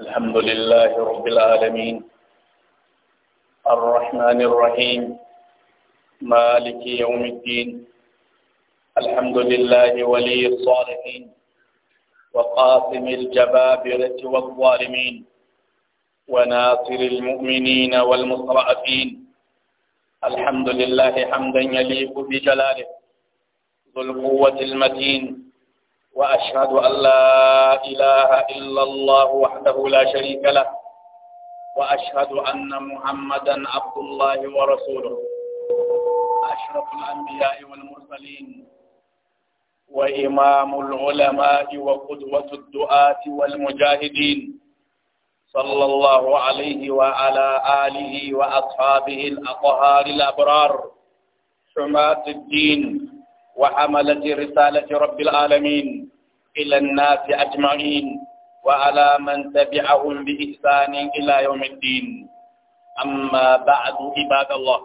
الحمد لله رب العالمين الرحمن الرحيم مالك يوم الدين الحمد لله ولي الصالحين وقاسم الجبابرة والظالمين وناصر المؤمنين والمصرعفين الحمد لله حمدا يليق بجلاله ذو القوة المتين وأشهد أن لا إله إلا الله وحده لا شريك له وأشهد أن محمدا عبد الله ورسوله أشرف الأنبياء والمرسلين وإمام العلماء وقدوة الدعاة والمجاهدين صلى الله عليه وعلى آله وأصحابه الأطهار الأبرار حماة الدين وحملة رسالة رب العالمين إلى الناس أجمعين وعلى من تبعهم بإحسان إلى يوم الدين أما بعد عباد الله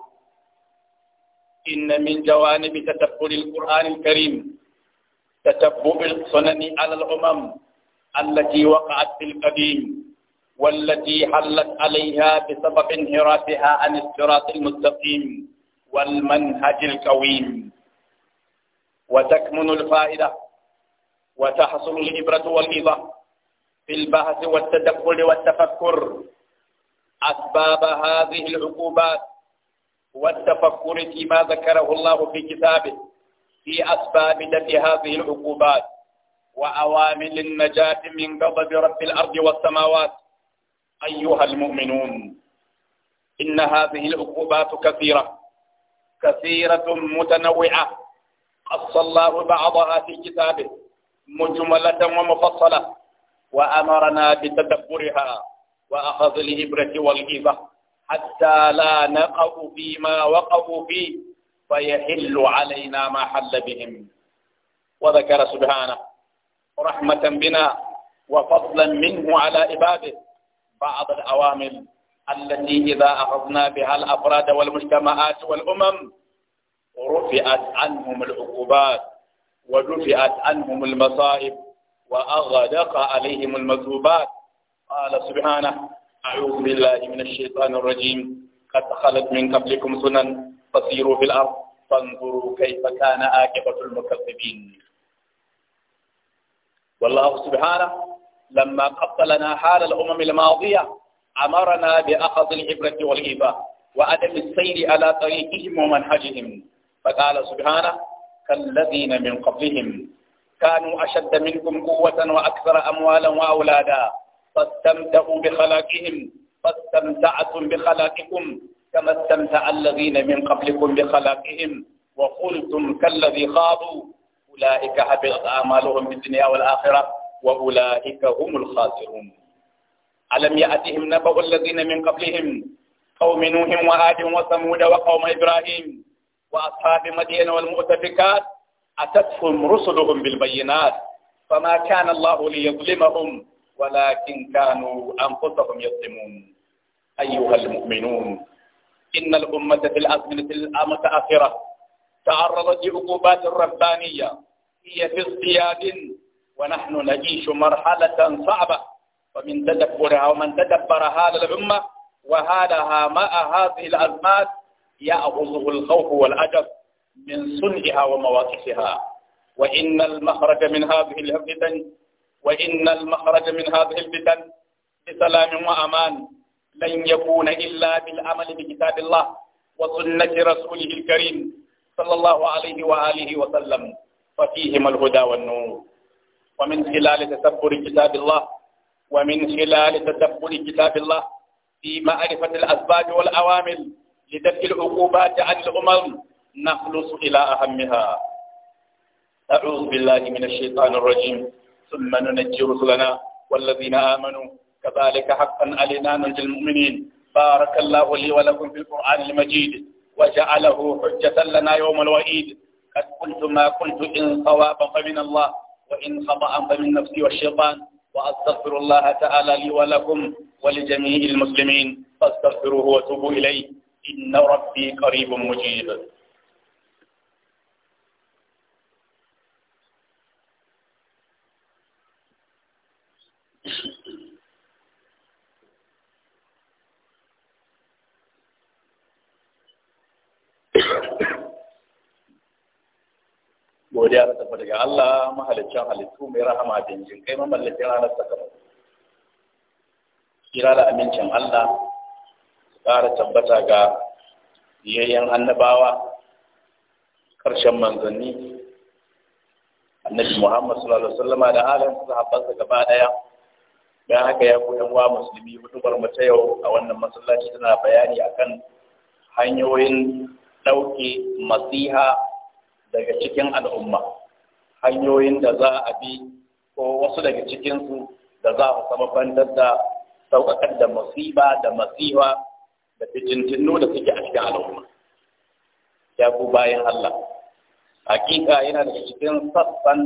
إن من جوانب تتبع القرآن الكريم تتبع السنن على الأمم التي وقعت في القديم والتي حلت عليها بسبب انحرافها عن الصراط المستقيم والمنهج القويم وتكمن الفائدة وتحصل الإبرة والإيضة في البحث والتدخل والتفكر أسباب هذه العقوبات والتفكر فيما ذكره الله في كتابه في أسباب دفع هذه العقوبات وأوامل النجاة من غضب رب الأرض والسماوات أيها المؤمنون إن هذه العقوبات كثيرة كثيرة متنوعة قص الله بعضها في كتابه مجملة ومفصلة وأمرنا بتدبرها وأخذ الإبرة والإبة حتى لا نقع فيما وقعوا فيه فيحل علينا ما حل بهم وذكر سبحانه رحمة بنا وفضلا منه على عباده بعض الأوامر التي إذا أخذنا بها الأفراد والمجتمعات والأمم رفعت عنهم العقوبات ودفعت عنهم المصائب وأغدق عليهم المثوبات قال سبحانه أعوذ بالله من الشيطان الرجيم قد خلت من قبلكم سنن فسيروا في الأرض فانظروا كيف كان عاقبة المكذبين والله سبحانه لما قبلنا حال الأمم الماضية أمرنا بأخذ العبرة والإباء وعدم السير على طريقهم ومنهجهم فقال سبحانه كالذين من قبلهم كانوا أشد منكم قوة وأكثر أموالا وأولادا فاستمتعوا بخلاقهم فاستمتعتم بخلاقكم كما استمتع الذين من قبلكم بخلاقهم وقلتم كالذي خاضوا أولئك حبطت أعمالهم في الدنيا والآخرة وأولئك هم الخاسرون ألم يأتهم نبأ الذين من قبلهم قوم نوح وآد وثمود وقوم إبراهيم وأصحاب مدين والمؤتفكات أتتهم رسلهم بالبينات فما كان الله ليظلمهم ولكن كانوا أنفسهم يظلمون أيها المؤمنون إن الأمة في الأزمنة المتأخرة تعرضت لعقوبات ربانية هي في ازدياد ونحن نعيش مرحلة صعبة ومن تدبرها ومن تدبر هذا الأمة وهالها مع هذه الأزمات يأخذه الخوف والعجب من صنعها ومواقفها وإن المخرج من هذه الفتن وإن المخرج من هذه الفتن بسلام وأمان لن يكون إلا بالعمل بكتاب الله وسنة رسوله الكريم صلى الله عليه وآله وسلم ففيهما الهدى والنور ومن خلال تدبر كتاب الله ومن خلال تدبر كتاب الله في معرفة الأسباب والأوامر لدفع العقوبات عن الأمم نخلص إلى أهمها أعوذ بالله من الشيطان الرجيم ثم ننجي رسلنا والذين آمنوا كذلك حقا علينا ننجي المؤمنين بارك الله لي ولكم في القرآن المجيد وجعله حجة لنا يوم الوعيد قد قلت ما قلت إن صوابا فمن الله وإن خطأ فمن نفسي والشيطان وأستغفر الله تعالى لي ولكم ولجميع المسلمين فاستغفروه وتوبوا إليه إن ربي قريب مجيب godiya ta tafi daga Allah mahaliccin halittu mai rahama da jin kai mamallakin ranar sakamako kira da amincin Allah ƙara tabbata ga yayyan annabawa ƙarshen manzanni annabi muhammad sallallahu alaihi wasallama da alan sahabbansa gaba ɗaya, dan haka ya koyan wa musulmi hudubar mu ta yau a wannan masallaci tana bayani akan hanyoyin ɗauke masiha daga cikin al'umma hanyoyin da za a bi ko wasu daga cikinsu da za a sama bandar da sauƙaƙar da masiba da masiha da fitintinu da suke a cikin al'umma ya ku bayan Allah hakika yana da cikin sassan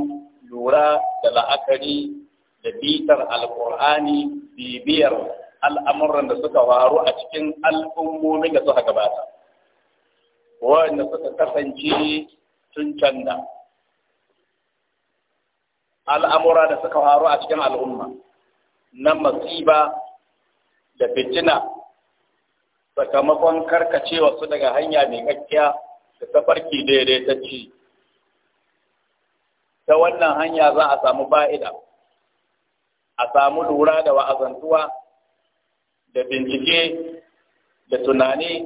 lura da la'akari da bitar alkur'ani bibiyar al'amuran da suka faru a cikin al'ummomin da suka gabata wanda suka kasance tun canda al'amura da suka faru a cikin al'umma na masiba da fitina sakamakon karkace su daga hanya mai kakkiya da tafarki daidai ta wannan hanya za a samu fa'ida a samu lura da wa'azantuwa da bincike da tunani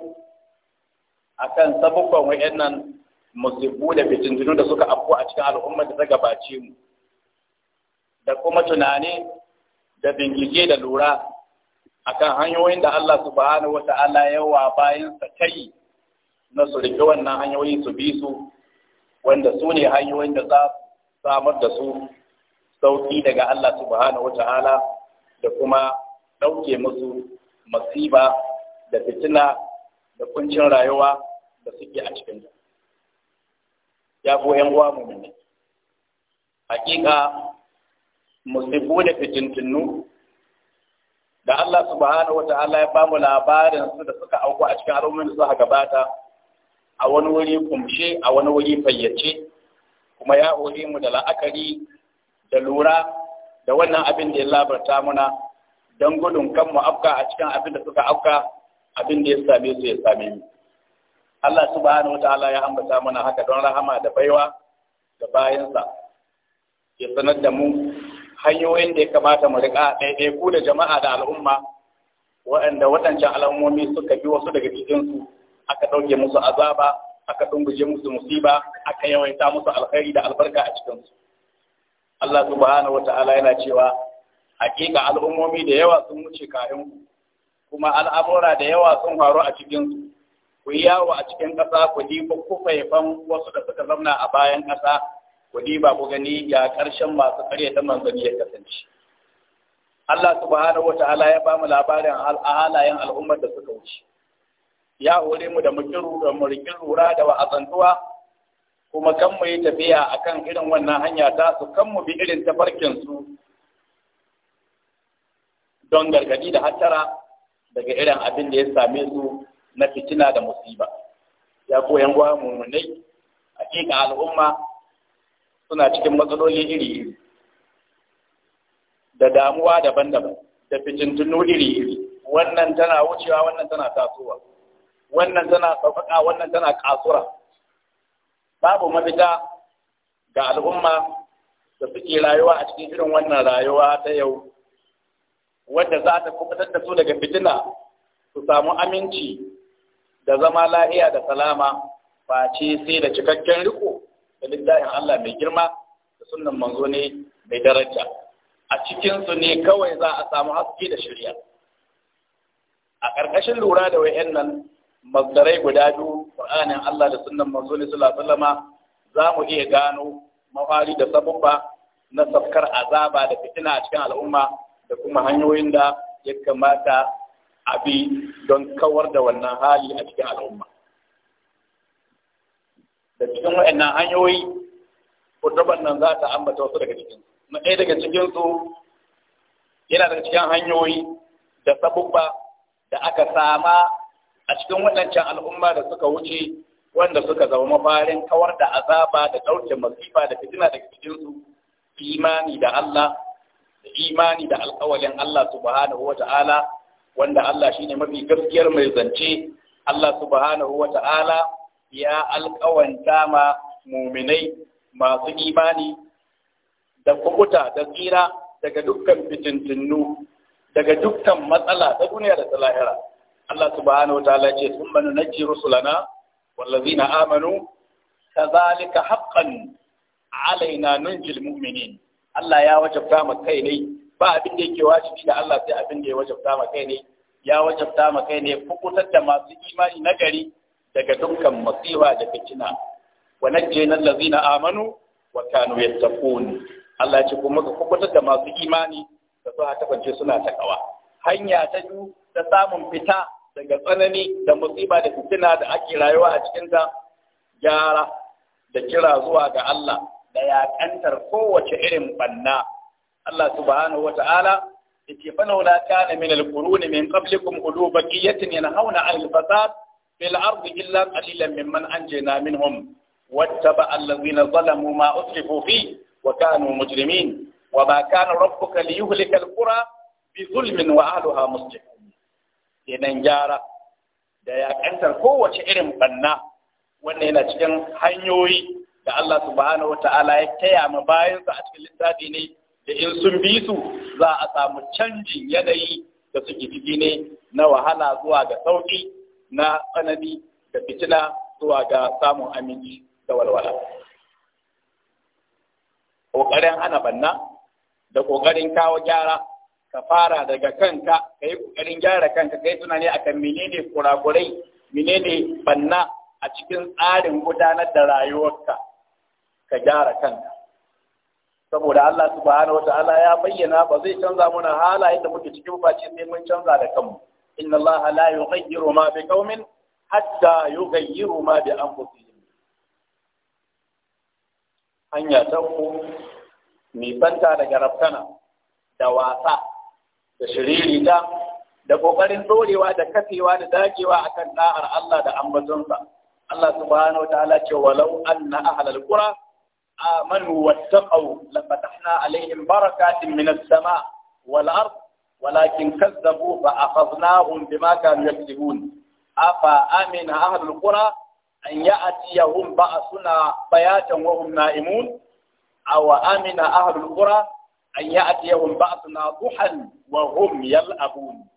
a kan akan wa’yan wayannan musibbu da fitintunu da suka afku a cikin al'ummar da ta gabace mu da kuma tunani da bincike da lura akan hanyoyin da Allah subhanahu wata'ala yawa bayan sa kai na su rike wannan hanyoyin su bi su wanda su ne hanyoyin da za samar da su sauƙi daga Allah subhanahu wata'ala da kuma ɗauke musu masiba da fitina da kuncin rayuwa da suke a cikin ya ko ‘yan uwa mu hakika musibu da fitintinu da Allah subhanahu wa ta'ala ya bamu labarin su da suka auku a cikin al'ummar da suka gabata a wani wuri kumshe a wani wuri fayyace kuma ya hore mu da la'akari da lura da wannan abin da ya labarta muna don gudun kan mu afka a cikin abin da suka afka abin da ya same su ya same mu Allah subhanahu wa ta'ala ya ambata mana haka don rahama da baiwa da bayansa ya sanar da mu hanyoyin da ya kamata mu riƙa ɗaiɗaiku da jama'a da al'umma waɗanda waɗancan al'ummomi suka bi wasu daga cikinsu aka ɗauke musu azaba aka ɗunguje musu musiba aka yawaita musu alkhairi da albarka a cikinsu Allah subhanahu wata'ala yana cewa hakika al'ummomi da yawa sun wuce kayan kuma al'amura da yawa sun faru a cikinsu ku yi yawo a cikin ƙasa ku ji kufa wasu da suka zamna a bayan ƙasa kuɗi ba ku gani ya ƙarshen masu ƙarya ta manzanni ya kasance Allah subhanahu wa ta'ala ya ba mu labarin halayen al'ummar da suka wuce ya hore mu da mukin rura da wa'azantuwa kuma kan mu yi tafiya akan irin wannan hanya ta su kan mu bi irin tafarkin su don gargadi da hattara daga irin abin da ya same su na fitina da musiba ya koyan gwamnati, hakika al'umma suna cikin matsaloli iri-iri da damuwa daban-daban da fitintunu iri-iri wannan tana wucewa wannan tana tasowa wannan tana sauƙaƙa wannan tana ƙasura babu mafita ga al'umma da suke rayuwa a cikin irin wannan rayuwa ta yau wadda za ta kubutar da su daga fitina su samu aminci da zama lahiya da salama face sai da cikakken riko da littafin Allah mai girma da sunan manzo ne mai daraja a cikinsu ne kawai za a samu haske da shirya a ƙarƙashin lura da wayan nan mazdarai guda biyu Qur'anin Allah da sunan manzo ne sallallahu alaihi za mu iya gano mafari da sabubba na safkar azaba da fitina a cikin al'umma da kuma hanyoyin da ya kamata a bi don kawar da wannan hali a cikin al'umma da cikin na hanyoyi kutuban nan za ta ambata wasu daga cikin na ɗaya daga cikin su yana daga cikin hanyoyi da sabubba da aka sama a cikin waɗancan al'umma da suka wuce wanda suka zama mafarin kawar da azaba da ɗauke masifa da fitina daga cikin su imani da Allah da imani da alƙawalin Allah subhanahu wa ta'ala wanda Allah shine mafi gaskiyar mai zance Allah subhanahu wa ta'ala ya alƙawanta ma muminai masu imani da kubuta da tsira daga dukkan fitintinu daga dukkan matsala ta duniya da ta lahira Allah subhanahu wa ta'ala ce sun na ji rusulana na amanu kazalika haqqan alaina nunjil mu'minin Allah ya wajabta ma kai ne ba abin da yake wajibi da Allah sai abin da ya wajabta ma kai ne ya wajabta ma kai ne kukutar da masu imani na gari daga dukkan masifa da fitina wa na allazina amanu wa kanu yattaqun Allah ya ce kuma ka kuma da masu imani da su ta kwance suna takawa hanya ta biyu ta samun fita daga tsanani da musiba da fitina da ake rayuwa a cikin ta gyara da kira zuwa ga Allah da yaƙantar kowace irin banna Allah subhanahu wata'ala yace fa laula kana min al-quruni min qablikum ulu baqiyatin yanhauna 'anil fasad fil ardi illa qalilan mimman anjayna minhum wattaba'a alladhina zalamu ma usrifu fi wa kanu mujrimin wa ma kana rabbuka liyuhlika alqura bi zulmin wa ahliha muslimun kenan gyara da yaƙantar kowace irin banna wannan yana cikin hanyoyi da Allah subhanahu wata'ala ya taya ma bayansa a cikin littafi ne da in sun bi su za a samu canjin yanayi da suke ciki ne na wahala zuwa ga sauƙi na tsanani da fitina zuwa ga samun aminci da walwala ƙoƙarin hana banna da ƙoƙarin kawo gyara ka fara daga kanka ka yi ƙoƙarin gyara kanka ka yi tunani akan menene kurakurai menene banna a cikin tsarin gudanar da rayuwarka ka gyara kanka saboda Allah subhanahu wa ta'ala ya bayyana ba zai canza muna halayen da muke cikin face sai mun canza da kanmu inna allaha la yughayyiru ma bi qaumin hatta yughayyiru ma bi anfusihim hanya ta uku mai banta daga raftana da wasa da shiririta da kokarin dorewa da kafewa da dagewa akan da'ar Allah da ambatonsa Allah subhanahu wataala ce walau anna ahlal qura amanu wattaqu lafatahna alaihim barakatin minas sama wal walakin kazzabu fa akhadnahum bima kanu yaktubun afa amina ahlul qura an ya'tiyahum ba'suna bayatan wa hum na'imun aw amina ahlul qura an ya'tiyahum ba'suna duhan wa hum yal'abun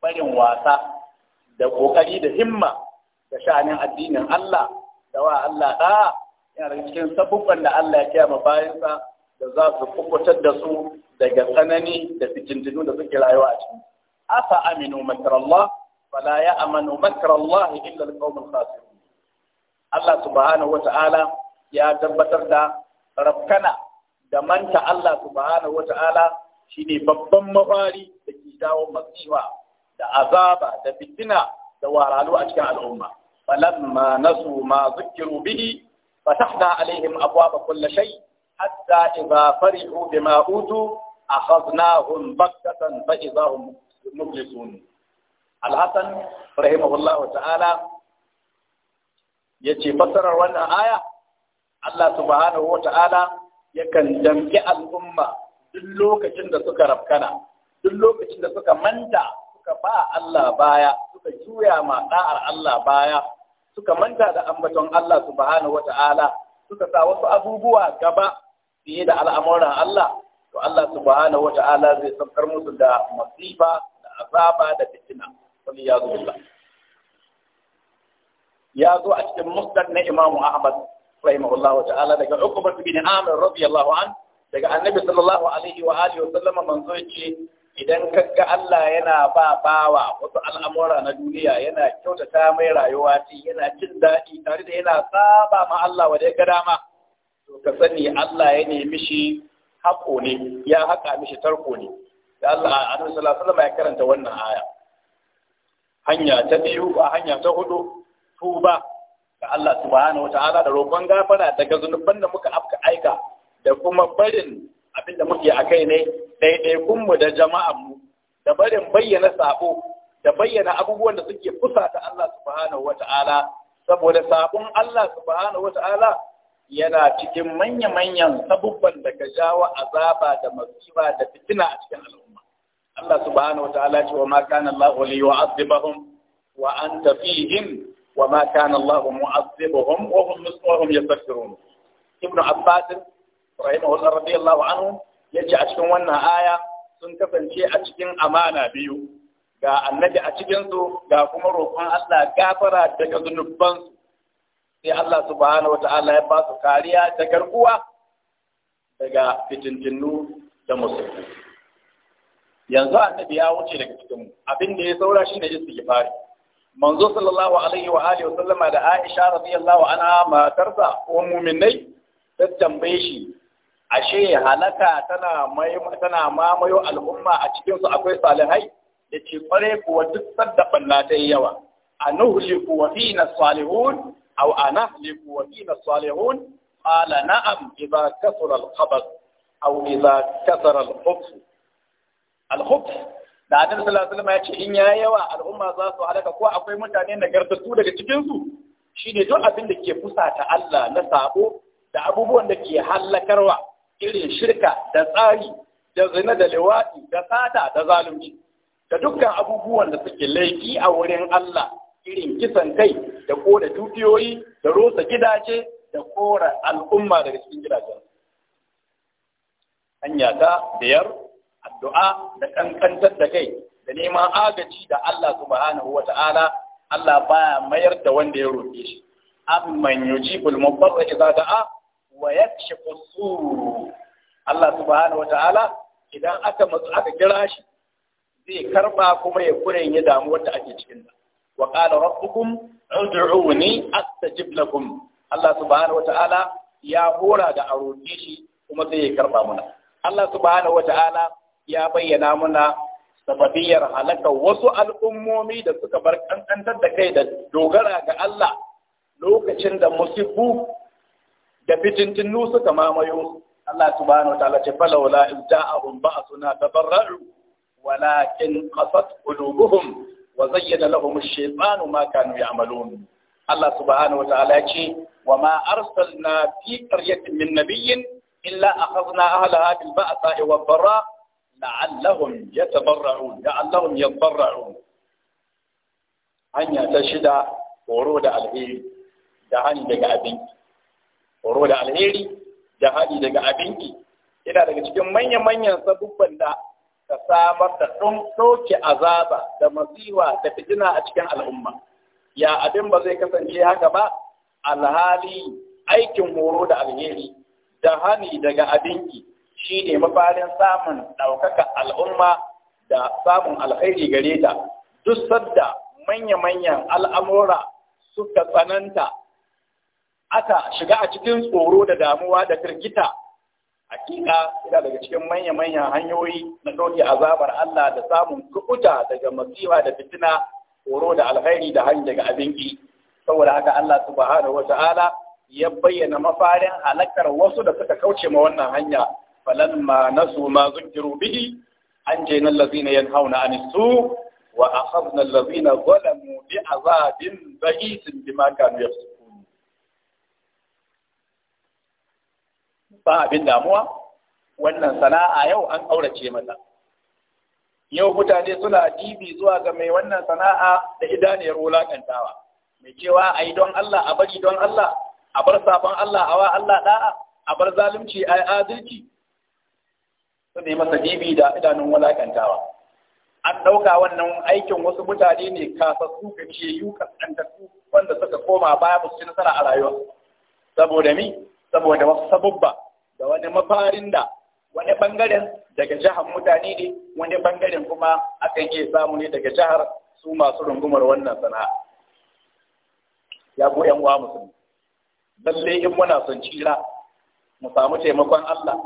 barin wasa da ƙoƙari da himma da sha'anin addinin Allah da wa Allah da yana cikin sabubban da Allah ya kiyama bayansa da za su kubutar da su daga tsanani da fitintinu da suke rayuwa a cikin afa aminu makar Allah fala ya amanu makar Allah illa alqawmul khasirun Allah subhanahu wata'ala ya tabbatar da rafkana da manta Allah subhanahu wata'ala shine babban mafari da ke jawo masifa da azaba da fitina da waralu a cikin al'umma falamma nasu ma zukiru bihi fatahna alaihim abwaba kulli shay hatta idza farihu bima utu أخذناهم بكتة فإذا هم مبلسون الحسن رحمه الله تعالى yace fassarar wannan aya Allah subhanahu wa ta'ala yakan damƙi al'umma duk lokacin da suka rafkana duk lokacin da suka manta suka ba Allah baya suka juya ma da'ar Allah baya suka manta da ambaton Allah subhanahu ta'ala suka sa wasu abubuwa gaba fiye da al'amuran Allah to Allah subhanahu wata'ala zai saukar musu da masifa da azaba da fitina wani ya zo Allah ya zo a cikin musnad na Imam Ahmad rahimahullah ta'ala daga Uqbah bin Amir radiyallahu an daga Annabi sallallahu alaihi wa alihi wa manzo yace idan kaga Allah yana ba bawa wasu al'amura na duniya yana kyautata mai rayuwa yana cin daɗi tare da yana saba ma Allah wa ya ga dama to ka sani Allah ya nemi shi haƙo ne ya haƙa mishi tarko ne da Allah annabi sallallahu alaihi ya karanta wannan aya hanya ta biyu ba hanya ta hudu tuba ga Allah subhanahu wataala da roƙon gafara daga zunuban da muka afka aika da kuma barin abin da muke a kai ne ɗaiɗaikun mu da jama'a mu da barin bayyana sabo da bayyana abubuwan da suke fusata Allah subhanahu wataala saboda sabon Allah subhanahu wataala yana cikin manya-manyan sabubban da ka jawo azaba da masifa da fitina a cikin al'umma Allah subhanahu Ta'ala ce wa ma kana Allah liyu'adhibahum wa anta fihim wa ma kana Allah mu'adhibuhum wa hum muslimun yastaghfirun Ibn Abbas rahimahullah radiyallahu anhu yace a cikin wannan aya sun kasance a cikin amana biyu ga annabi a cikin su ga kuma roƙon Allah gafara daga zunubansu sai Allah subhanahu wata'ala ya basu kariya da garkuwa daga fitintinnu da musulmi yanzu annabi ya wuce daga cikinmu. abin da ya saura shi su istighfari manzo sallallahu alaihi wa alihi wa sallama da Aisha radiyallahu anha matarsa ko mu'minai ta tambaye shi ashe halaka tana mai mamayo al'umma a cikinsu su akwai salihai yace kware kuwa duk sadda banna ta yawa anuhliku wa fina salihun أو أنهلك وفينا الصالحون قال نعم إذا كثر الخبث أو إذا كثر الخبث الخبث da annabi sallallahu alaihi wasallam ya ce in yayi yawa al'umma za su halaka ko akwai mutane nagartattu daga cikinsu. su shine duk abin da ke fusata Allah na sabo da abubuwan da ke halakarwa irin shirka da tsari da zina da liwaɗi da sata da zalunci da dukkan abubuwan da suke laifi a wurin Allah irin kisan kai da kona dukiyoyi da rusa gidaje da kora al'umma daga cikin gidajen hanya ta biyar addu'a da kankantar da kai da neman agaci da Allah subhanahu wa ta'ala Allah baya mayar da wanda ya roƙe shi amman yujibul mubarra idza da'a wa yakshifu suru Allah subhanahu wa ta'ala idan aka matsu aka kira shi zai karba kuma ya kure ya damu wanda ake cikin da. wa qala rabbukum ud'uuni astajib lakum Allah subhanahu wata'ala ya hora da a kuma zai ya karba muna Allah subhanahu wata'ala ya bayyana muna sababiyar halakar wasu al'ummomi da suka bar kankantar da kai da dogara ga Allah lokacin da musibbu da fitintinu suka mamayo Allah subhanahu wataala ce falawla iz ja'ahum ba'suna tabarra'u walakin qasat qulubuhum wa zayyana lahum ash-shaytanu ma kanu ya'malun Allah subhanahu wa ta'ala ya ce wa ma arsalna fi qaryatin min nabiyyin illa a ahlaha bil ba'sa'i wad dharra la'allahum yatabarra'un la'allahum yadharra'un hanya ta shida horo da alheri da hani daga abinki horo da alheri da daga abinki yana daga cikin manya-manyan ka samar da ɗan ɗauke azaba da masiwa da fitina a cikin al'umma ya abin ba zai kasance haka ba alhali aikin horo da alheri da hani daga abinki shi ne mafarin samun ɗaukaka al'umma da samun alheri gare ta duk sadda manya-manyan al'amura suka tsananta aka shiga a cikin tsoro da damuwa da firgita hakika yana daga cikin manya-manyan hanyoyi na doki azabar Allah da samun kubuta daga masifa da fitina horo da alkhairi da hanyar daga abinki saboda haka Allah subhanahu wa ta'ala ya bayyana mafarin halakar wasu da suka kauce ma wannan hanya falan ma nasu ma zukiru bihi an je nan lazina yanhauna an su wa akhadna allazina zalamu bi azabin ba'isin bima kanu yafsu ba abin damuwa wannan sana'a yau an aurace mata yau mutane suna dibi zuwa ga mai wannan sana'a da idaniyar wulaƙantawa mai cewa a yi don Allah a bari don Allah a bar sabon Allah a wa Allah da'a a bar zalunci a yi adalci su ne masa dibi da idanun wulaƙantawa an ɗauka wannan aikin wasu mutane ne kasassu gajiyayyu kaskantattu wanda suka koma baya ba su ci nasara a rayuwa saboda mi saboda wasu sabubba da wani mafarin da wani bangaren daga jihar mutane ne wani bangaren kuma akan iya samu ne daga jihar su masu rungumar wannan sana'a ya ku yan uwa musulmi lalle in muna son cira mu samu taimakon Allah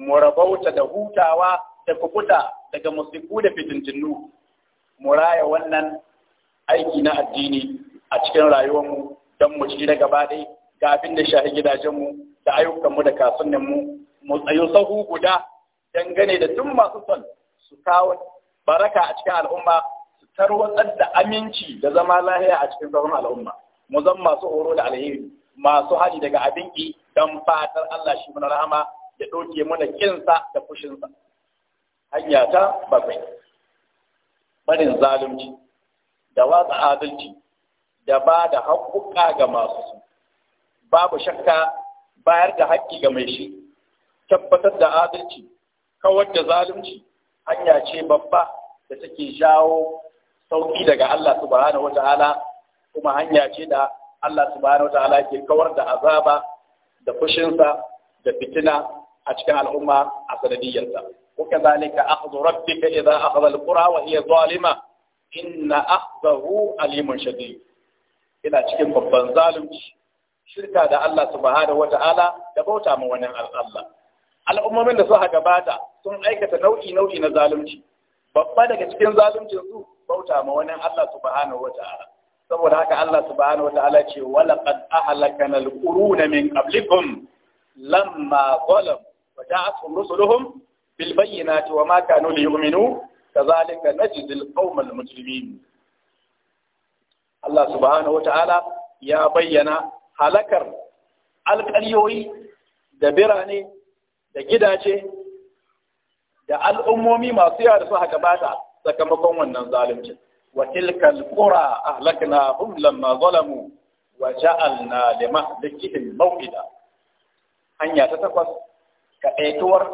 mu rabauta da hutawa da kukuta daga musiku da fitintinu mu raya wannan aiki na addini a cikin rayuwarmu don mu ci gaba dai ga abin da shahi gidajenmu da ayyukanmu da kasuwanninmu mu tsayu sahu guda dangane da tun masu son su kawo baraka a cikin al'umma su tarwatsar da aminci da zama lahiya a cikin sauran al'umma mu zan masu horo da alheri masu haɗi daga abin ki don fatar Allah shi mana rahama ya ɗauke mana kinsa da fushinsa hanya ta bakwai barin zalunci da watsa adalci da ba da haƙuƙa ga masu su babu shakka bayar da haƙƙi ga mai shi tabbatar da adalci kawar da zalunci hanya ce babba da take jawo sauƙi daga Allah subhanahu wata'ala kuma hanya ce da Allah subhanahu wata'ala ke kawar da azaba da fushinsa da fitina a cikin al'umma a sanadiyyarsa kuka zalika akhdhu rabbika idza akhadha al wa hiya zalima inna akhdahu alimun shadid ina cikin babban zalunci shirka da Allah subhanahu wata'ala da bauta ma wani Allah al'ummomin da suka gabata sun aikata nau'i nau'i na zalunci babba daga cikin zaluncin su bauta ma wani Allah subhanahu wata'ala saboda haka Allah subhanahu wata'ala ce walaqad ahlakana al-quruna min qablikum lamma zalam wa ja'atuhum rusuluhum bil bayyinati wa ma kanu liyu'minu kadhalika najzil qaumal mujrimin Allah subhanahu wata'ala ya bayyana halakar alƙaryoyi da birane da gidaje da al'ummomi masu yawa da suka gabata sakamakon wannan zalunci wa tilkal qura ahlaknahum lamma zalamu wa ja'alna limahlikihim maw'ida hanya ta takwas kadaituwar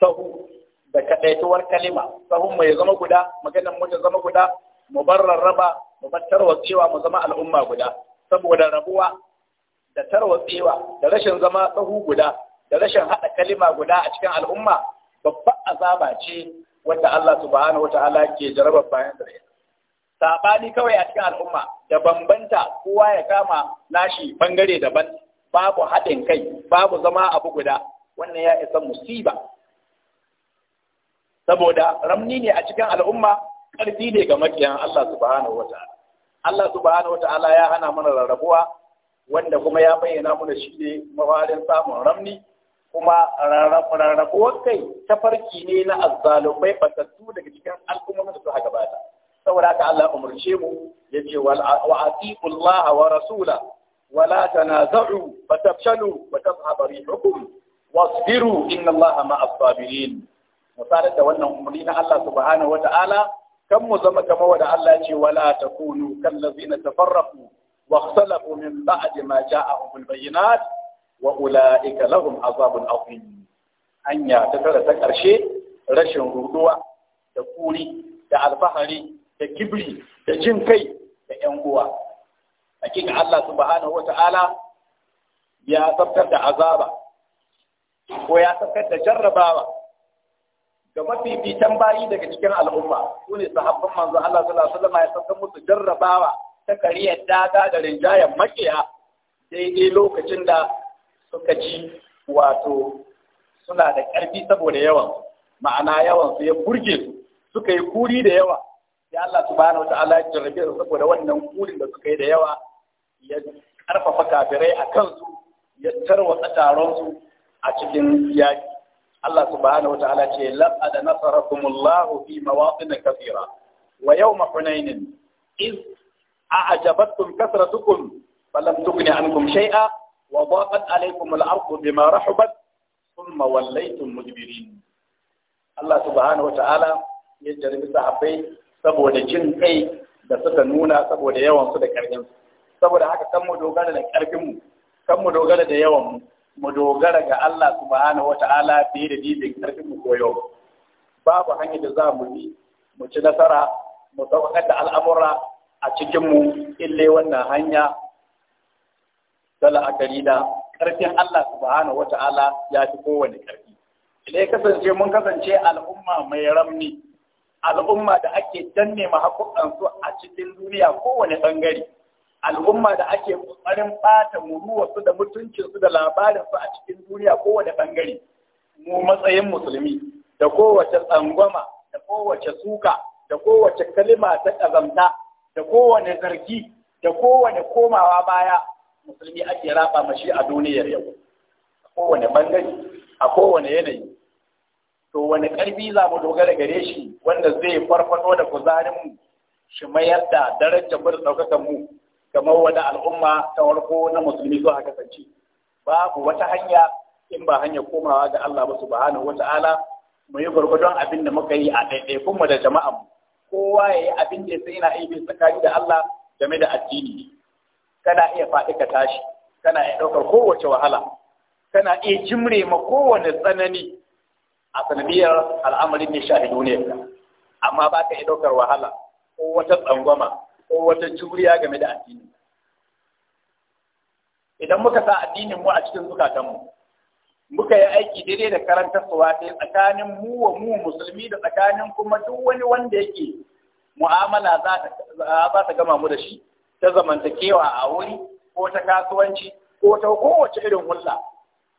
tahu da kadaituwar kalima sahun mai zama guda maganar mu zama guda mu bar rarraba mu cewa mu zama al'umma guda saboda rabuwa da tarwatsewa da rashin zama tsahu guda da rashin haɗa kalima guda a cikin al'umma babban azaba ce wanda Allah subhanahu wataala ke jarabar bayan da sabani kawai a cikin al'umma da bambanta kowa ya kama nashi bangare daban babu haɗin kai babu zama abu guda wannan ya isa musiba saboda ramni ne a cikin al'umma ƙarfi ne ga makiyan Allah subhanahu wataala Allah subhanahu wataala ya hana mana rarrabuwa wanda kuma ya bayyana mana shi ne mafarin samun ramni kuma rarrabuwar kai ta farki ne na azzalumai batattu daga cikin al'ummar da suka gabata saboda haka Allah umarce mu ya ce wa atiqullaha wa rasula wa la tanaza'u fatafshalu wa tadhhabu rihukum wasbiru inna Allaha ma'as sabirin misalin da wannan umarni na Allah subhanahu wa ta'ala kan mu zama kamar wanda Allah ya ce wala takunu kallazina tafarraqu واختلفوا من بعد ما جاءهم البينات وأولئك لهم عذاب عظيم أن يعتبر تكرشي رشن رودوة تقولي الفهري تكبري تجنكي تأنقوة أكيد الله سبحانه وتعالى ya tabbatar da azaba ko ya tabbatar da jarrabawa ga mafificen bayi daga cikin al'umma su ne sahabban manzo Allah sallallahu alaihi wasallam ya tabbatar musu jarrabawa ta kariyar daga da rinjayen makiya daidai lokacin da suka ci wato suna da ƙarfi saboda yawan ma'ana yawan su ya burge su suka yi kuri da yawa ya Allah subhanahu wata'ala ya rabe su saboda wannan kurin da suka yi da yawa ya karfafa kafirai a kansu ya tarwa taron su a cikin yaki Allah subhanahu wata'ala ce laqad nasarakumullahu fi mawatin kathira wa yawma hunainin iz a ajabatkum kasratukum falam an ankum shay'a wa daqat alaykum al-ardu bima rahabat thumma wallaytum mudbirin Allah subhanahu wata'ala ya jarbi saboda jin kai da suka nuna saboda yawan su da karfin saboda haka kan mu dogara da ƙarfinmu, kan mu dogara da yawan mu dogara ga Allah subhanahu wata'ala fiye da dibin ƙarfinmu koyo babu hanyar da za mu yi mu ci nasara mu saukar da al'amura a cikinmu ille wannan hanya da la'akari da ƙarfin Allah subhanahu wa ta'ala ya fi kowane ƙarfi. Ile kasance mun kasance al'umma mai ramni, al'umma da ake danne mahaƙuƙansu a cikin duniya kowane ɓangare, al'umma da ake ƙoƙarin ɓata muruwarsu da mutuncinsu da labarinsu a cikin duniya kowane ɓangare, mu matsayin musulmi da kowace tsangwama da kowace suka da kowace kalima ta ƙazamta da kowane zargi da kowane komawa baya musulmi ake raba mashi a duniyar yau a kowane bangare a kowane yanayi to wani ƙarfi za mu dogara gare shi wanda zai farfado da kuzarin mu shi mayar da darajar mu ɗaukakan mu kamar wani al'umma ta farko na musulmi zuwa kasance babu wata hanya in ba hanyar komawa ga Allah ba subhanahu wata'ala mu yi gurgudon abin da muka yi a ɗaiɗaikun mu da jama'a mu kowa ya yi abin da ya san yana aiki tsakani da Allah game da addini kana iya faɗi ka tashi kana iya ɗaukar kowace wahala kana iya jimre ma kowane tsanani a sanadiyar al'amarin ne shafi ne amma ba ka iya ɗaukar wahala ko wata tsangwama ko wata juriya game da addini idan muka sa addinin mu a cikin zukatanmu muka yi aiki daidai da karantar suwa sai tsakanin mu wa mu musulmi da tsakanin kuma duk wani wanda yake mu'amala za ta gama mu da shi ta zamantakewa a wuri ko ta kasuwanci ko ta kowace irin hulɗa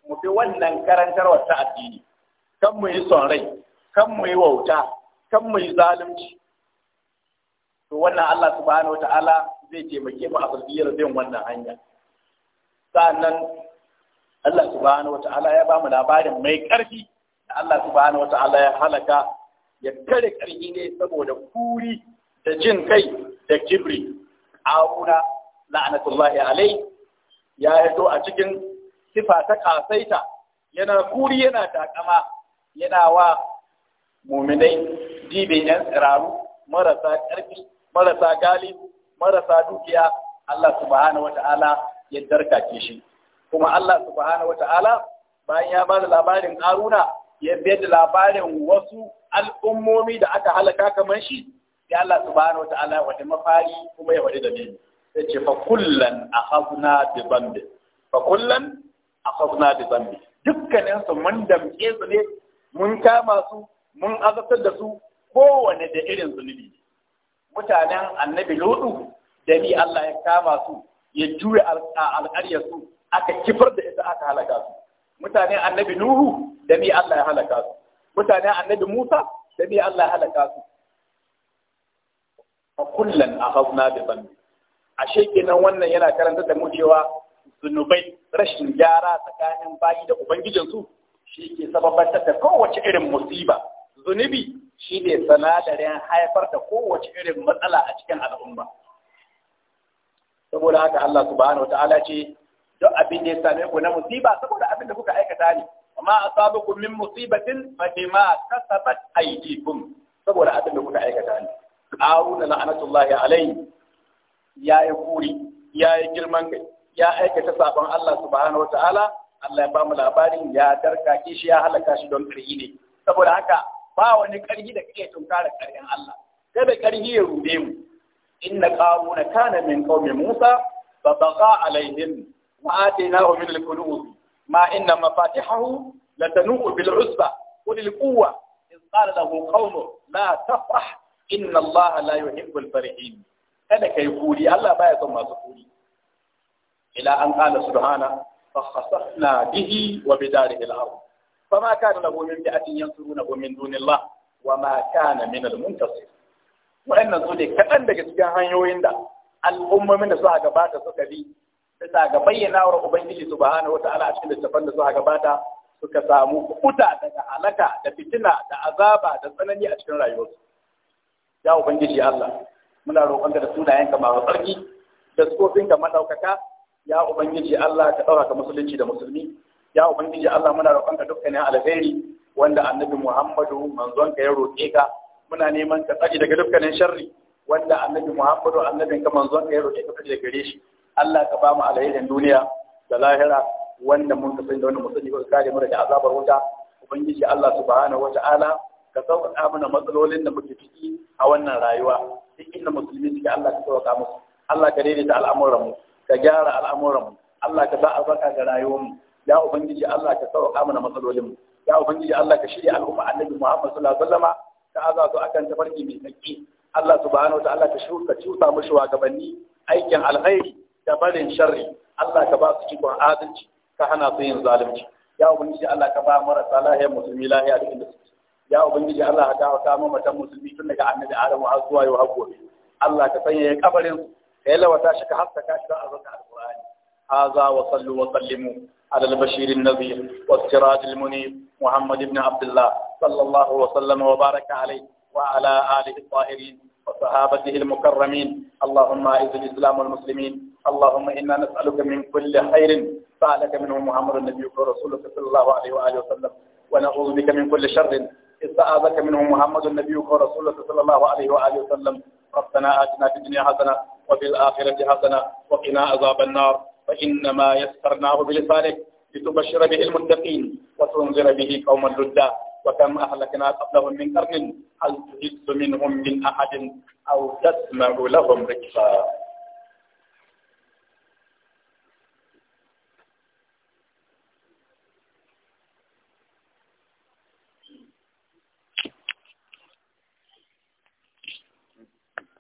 mu fi wannan karantarwar wata addini kan mu yi son rai kan mu yi wauta kan mu yi zalunci to wannan Allah subhanahu wataala zai taimake mu a zai bin wannan hanya sannan Allah subhanahu wata'ala ya ba mu labarin mai ƙarfi da Allah subhanahu wata'ala ya halaka ya kare ƙarfi ne saboda kuri da jin kai da kibri auna la'anatullahi alai ya yato a cikin sifa ta kasaita yana kuri yana takama yana wa muminai dibin yan tsiraru marasa ƙarfi marasa galibu marasa dukiya Allah subhanahu wata'ala ya darkake shi kuma Allah subhanahu wata'ala bayan ya ba da labarin Haruna ya biya da labarin wasu al'ummomi da aka halaka kamar shi sai Allah subhanahu wata'ala wata mafari kuma ya wadi da ni sai ce fa kullan akhadna bi dhanbi fa kullan akhadna bi dhanbi dukkanin su mun damke su ne mun kama su mun azabtar da su kowane da irin zunubi mutanen annabi lodu da ni Allah ya kama su ya jure alƙaryar su aka kifar da ita aka halaka su mutane annabi nuhu da ni Allah ya halaka su mutane annabi musa da ni Allah ya halaka su a kullan akhadna da ban a kenan wannan yana karanta da mu zunubai rashin gyara tsakanin bayi da ubangijinsu shi ke sababar da kowace irin musiba zunubi shi ne sanadarin haifar da kowace irin matsala a cikin al'umma saboda haka Allah subhanahu wata'ala ce Don abin da ya same ku na musiba saboda abin da kuka aikata ne amma ku min musibatin fa bima kasabat aydikum saboda abin da kuka aikata ne qaruna la'anatullahi alayhi ya yi kuri ya yi girman kai ya aikata sabon Allah subhanahu ta'ala. Allah ya ba mu labarin ya darka shi ya halaka shi don karyi ne saboda haka ba wani karyi da kake tunkara karyan Allah kada karyi ya rube mu inna qaruna kana min qaumi Musa fa baqa alaihim وآتيناه من الكنوز ما إن مفاتحه لتنوء بالعزبة وللقوة إذ قال له قومه لا تفرح إن الله لا يحب الفرحين kada ka yi kuri Allah baya son masu kuri ila an qala subhana fa khasafna bihi wa bi darihi al-ard fama kana lahu min fi'atin yansurunahu min dunillah wa ma kana min al-muntasir wa'annan su ne kaɗan daga cikin hanyoyin da al'ummomin da suka gabata suka bi sa ga wa ubangiji subhanahu wataala a cikin littafin da suka gabata suka samu kuta daga halaka da fitina da azaba da tsanani a cikin rayuwarsu ya ubangiji Allah muna roƙonka da ka masu tsarki da ka madaukaka ya ubangiji Allah ka ɗaura ka musulunci da musulmi ya ubangiji Allah muna roƙon ka dukkanin alheri wanda annabi Muhammadu manzon ka ya roƙe ka muna neman ka tsaki daga dukkanin sharri wanda annabi Muhammadu annabin ka manzon ka ya roƙe ka tsaki daga gare shi Allah ka ba mu alherin duniya da lahira wanda mun kasance da wanda mun ko kare mu daga azabar wuta ubangiji Allah subhanahu wata'ala ka sauƙaƙa mana matsalolin da muke ciki a wannan rayuwa duk inda musulmi suke Allah ka sauƙaƙa musu Allah ka daidaita mu ka gyara al'amuran mu. Allah ka ba albarka ga rayuwar mu. ya ubangiji Allah ka sauƙaƙa mana matsalolinmu ya ubangiji Allah ka shirya al'umma annabi Muhammad sallallahu alaihi wasallama ka aza su akan tafarki mai tsaki Allah subhanahu wa ta'ala ka shuka cuta mushi wa gabanni aikin alkhairi da barin sharri Allah ka ba su cikin adalci ka hana su yin zalunci ya ubangiji Allah ka ba marasa lahiyar musulmi lahiya duk inda suke ya ubangiji Allah ka dawo kama matan musulmi tun daga annabi Adamu har zuwa yau har gobe Allah ka sanya ya kabarin ka yi lawata shi ka haskaka shi don albarka alqur'ani هذا وصلوا وسلموا على البشير النذير Muhammad Ibn محمد Sallallahu عبد الله صلى الله وسلم wa عليه وعلى آله الطاهرين وصحابته المكرمين اللهم أعز الإسلام والمسلمين اللهم إنا نسألك من كل خير فعلك منه محمد نبيك ورسولك صلى الله عليه وآله وسلم ونعوذ بك من كل شر استعاذك منه محمد نبيك ورسولك صلى الله عليه وآله وسلم ربنا آتنا في الدنيا حسنة وفي الآخرة حسنة وقنا عذاب النار فإنما يسرناه بلسانك لتبشر به المتقين وتنذر به قوما لدا وكم أهلكنا قبلهم من قرن هل تحس منهم من أحد أو تسمع لهم ركبا